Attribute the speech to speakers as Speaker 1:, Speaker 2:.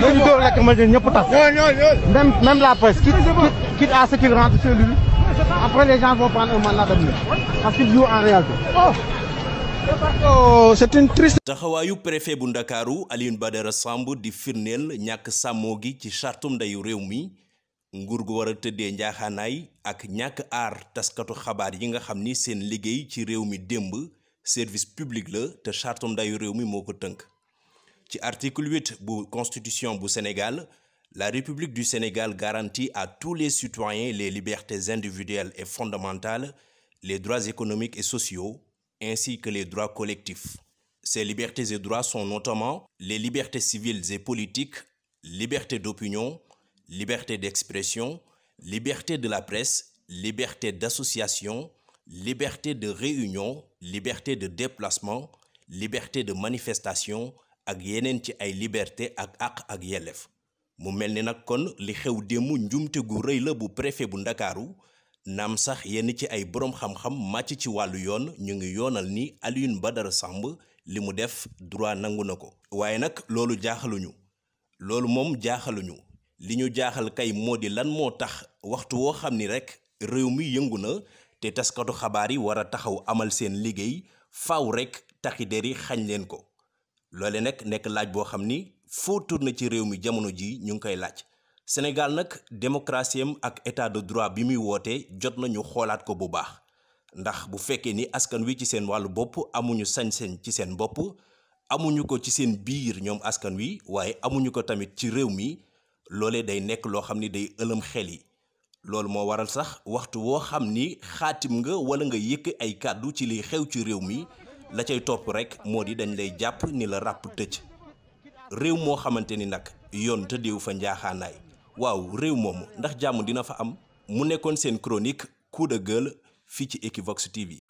Speaker 1: léegi dóor lekk ma jël ñëpp tas. même oh, taxawaayu préfet bu ndakaaru Alioune Badara Samb di firndeel ñàkk sàmmoo gi ci chartum ndeyu réew mi nguur gu war a tëddee njaaxaanaay ak ñàkk aar taskatu xabaar yi nga xam ni seen liggéey ci réew mi démb service public la te chartum ndeyu réew mi moo ko tënk. ci article 8 bu constitution bu Sénégal la République du Sénégal garantit à tous les citoyens les libertés individuelles et fondamentales les droits économiques et sociaux ainsi que les droits collectifs ces libertés et droits sont notamment les libertés civiles et politiques liberté d'opinion liberté d'expression liberté de la presse liberté d'association liberté de réunion liberté de déplacement liberté de manifestation ak yeneen ci ay liberté ak àq ak yelleef mu mel ni nag kon li xew démb njumte gu rëy la bu préfet bu ndakaaru naam sax yenn ci ay boroom xam-xam màcc ci wàllu yoon ñu ngi yoonal ni ba dara sàmb li mu def droit nangu na ko waaye nag loolu jaaxaluñu loolu moom jaaxaluñu li ñu jaaxal kay moo di lan moo tax waxtu woo xam ni rekk réew mi yëngu na te taskatu xabaar yi war a taxaw amal seen liggéey faw rekk taxi der yi xañ leen ko loole nag nekk laaj boo xam ni foo tourné ci réew mi jamono ji ñu ngi koy laaj Sénégal nag démocratie ak état de droit bi muy woote jot nañu xoolaat ko bu baax ndax bu fekkee ni askan wi ci seen wàllu bopp amuñu sañ-sañ ci seen bopp amuñu ko ci seen biir ñoom askan wi waaye amuñu ko tamit ci réew mi loole day nekk loo xam ni day ëlëm xel yi loolu moo waral sax waxtu woo xam ni xaatim nga wala nga yëkk ay kàddu ci liy xew ci réew mi la cay topp rek moo di dañ lay jàpp ni la ràpp tëj réew moo xamante ni nag yoon tëddeewu fa njaaxaanaay waaw réew moomu ndax jàmm dina fa am mu nekkoon seen chronique coup de gueule fii ci Equivox TV